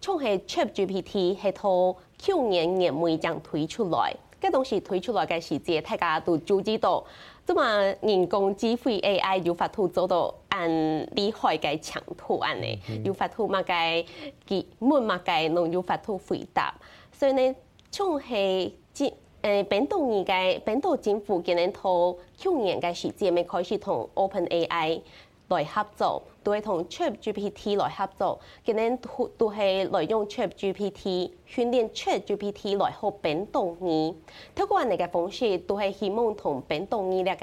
就係 ChatGPT 係套去年年尾就推出來，嗰啲時推出來嘅時節，大家都注意到，咁麼人工智慧 AI 有法度做到按厲害嘅長途案呢，有、嗯、哼法度乜嘅結問乜嘅能有法度回答，所以呢，就係即冰島而家冰島政府嘅人同去年嘅時節咪開始同 OpenAI 來合作。都係同 ChatGPT 來合作，今年都係來用 ChatGPT 訓練 ChatGPT 來學冰島語。One, 透過我哋嘅方式，都係希望同冰島語呢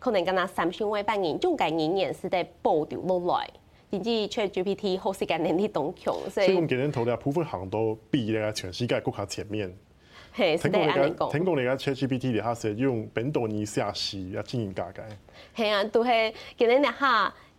個可能嗰啲三千五百年中嘅語言，係得保留落來。甚至 ChatGPT 好時間嚟啲動向，所以。所以，我哋啲人投料部分行到 B 嘅全世界國家前面。係的，聽講聽講你嘅 ChatGPT 咧，係實用冰島語寫詩，要進行架介。係啊，都係今年咧嚇。啊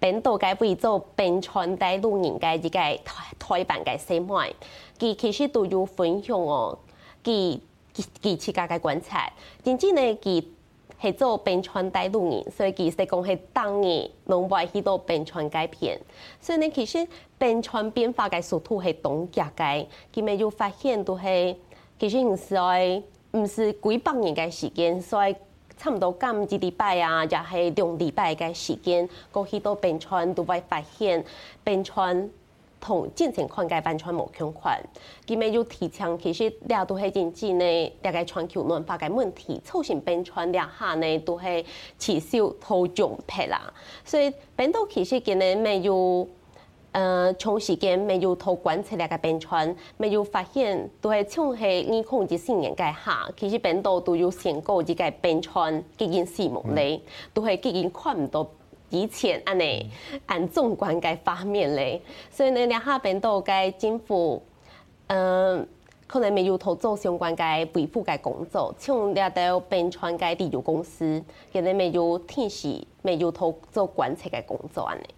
冰島嘅非做冰川帶路人，嘅一個台台版嘅山脈，佢其實都有分享哦，佢佢自己嘅觀察，真正呢佢係做冰川帶路人，所以其實講係當年攏柏去多冰川嘅片，所以呢其實冰川變化嘅速度係同結嘅，咁咪就發現都、就、係、是、其實毋是毋是幾百年嘅時間，所以。差唔多今一禮拜啊，又係兩禮拜嘅時間，過去到冰川都會發現冰川同之前看嘅冰川冇相關。今咪要提倡其實兩都係之前呢，大概全球暖化嘅問題，造成冰川兩下呢都係持續套重皮啦。所以，冰島其實今你咪要。呃，長時間沒有套管出來嘅冰川，未有發現，都會因為你控制性人界下，其實冰島都有升高自個冰川基件事目咧，都會基件看唔到以前安尼，嗯、按縱觀嘅方面咧，所以呢，兩下冰島嘅政府，呃，可能沒有套做相關的維護嘅工作，從呢度冰川嘅旅遊公司，佢哋沒有提示，沒有套做觀察的工作安尼。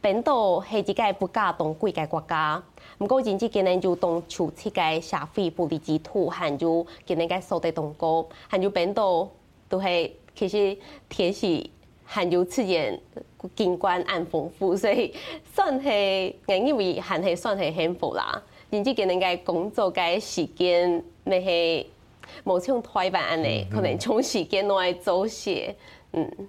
冰島係一個物價同貴嘅國家，唔過前幾年就當潮起嘅社會福利制度，係就今年嘅所得同高，係就冰島都係其實天時，係就自然景觀恁豐富，所以算係仍然會係算係幸福啦。然之後佢哋嘅工作嘅時間咪係冇像台灣安尼可能將時間落嚟做嘢，嗯。嗯